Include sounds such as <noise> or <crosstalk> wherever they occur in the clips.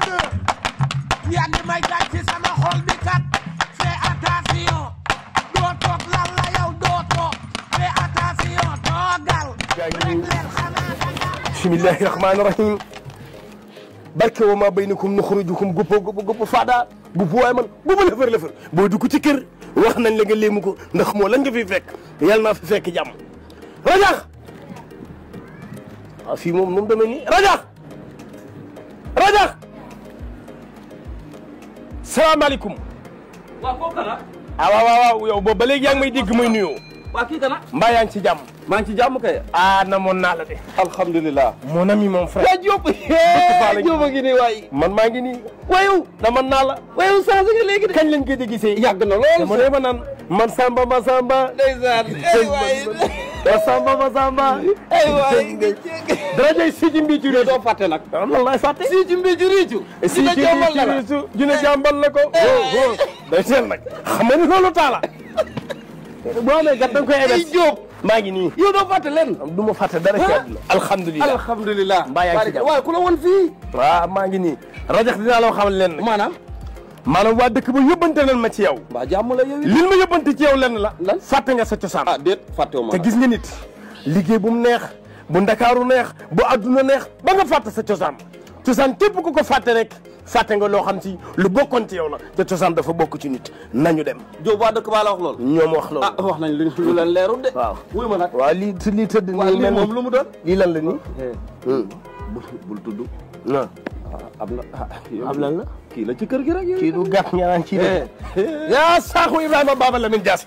Fall 2 yaa ngi may daaj ci sama xol bi kat fais attention doo toog lan la yow doo toog fais attention toogal rek leen xanaa dangaa bismillahi rahmaani rahim barke wa ma baynakum nuxrujukum guppa guppa guppa faada guppa waaye man guppa lëfër lëfër boo dugg ci kër wax nañ la nga léemu ko ndax moo lan nga fi fekk yàlla naa fi fekk jàmm rajax waaw ah, fii moom nu mu demee nii rajax rajax salaamaaleykum. waaw kooku la. ah waaw waaw yow boobu ba léegi yaa ngi may dégg muy nuyoo. waa kii kana mbaa yaa ngi ci jàmm maa ngi ci jàmm kay ah namoon naa la de alhamdulilah mon ami mon frère yaa Diop yaa a ngi nii waay man maa ngi nii wayu man naa la wayu changé nga léegi de kañ lañ di gisee yàgg na lool mu ma naan man samba ma samba ndeysaan eh, ay waay ma samba ma samba ay eh, waay darajay si ci mbiicu réecu doo fàtte nag loolu laay fàtte si ci mbiicu réecu si ci la ko day eh, seen nag xam nga ni loolu taala boo amee gat ko nga koy maa ngi nii yow doo fàtte leen du ma fàtte dara ci ah. àdduna alhamdulilah alhamdulilah mbaa yaa ngi ci waaye ku la woon fii waaw maa ngi nii rajax dinaa la xamal leen maanaam maanaam waa dëkk ba yóbbante nañ ma ci yow mbaa jàmm la yow li ma yóbbante ci yow lenn la lan fàtte nga sa cosaan ah fàtte ma gis nga nit liggéey bu mu neex bu ndakaaru neex bu adduna neex ba nga fàtte sa cosaan cosaan képp ku ko fàtte rek fàtte nga loo xam si lu bokkoon ci yow la te cosaan dafa bokk ci nit nañu dem Diop waa dëkk baa la wax loolu ñoom wax ah, wax nañ lu leen leerul de waaw wuy ma nag waaw lii si lii tëdd nii mel moom lu mu doon lii lan la nii hmm. bul tudd non ah, am na ah, am lan la kii la ci kër gi rek kii du gàtt ñaaraan ci de eh. yaa saaxu Ibrahima Baba Lamine Dias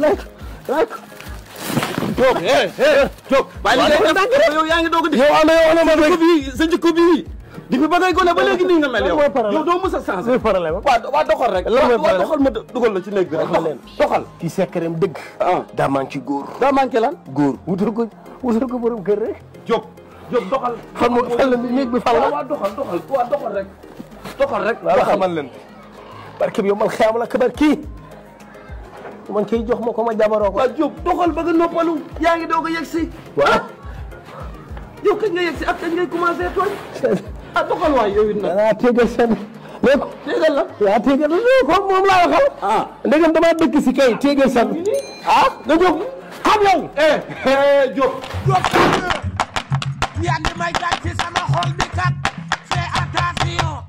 laaj laaj toog toog bàyyi li ngay def yow yaa ngi doog a di yow ana yow ana ma rek sa jikko bii depuis ba ngay gone ba léegi nii nga mel yow yow doo mës a changé waaw waaw doxal rek waaw doxal ma dugal la ci néeg bi rek doxal ci sekkaram dëgg ah. daa manqué góor daa manqué lan góor wutal ko wutal ko borom kër rek Diop Diop doxal fan moo fan la néeg bi fan la waaw doxal doxal waaw doxal rek doxal rek waaw xamal leen barke bi yow man xeam la kabar kii man kii jox ma ko ma jabaroo ko waaw Diop doxal ba nga noppalu yaa ngi doog a yegg si waaw ah! yow kañ nga yegg si ak kañ ngay commencé tooñ <laughs> ah doxal waay yow it nag. ah tegal seen léegi. tegal la waaw tegal la léegi kon moom laa waxal. ah ndegam damaa dëkk si kay tegal seen. ah nga jóg xam yow. eh eh Diop. Diop yaa ngi may daal ci sama xol bi kat fais attention.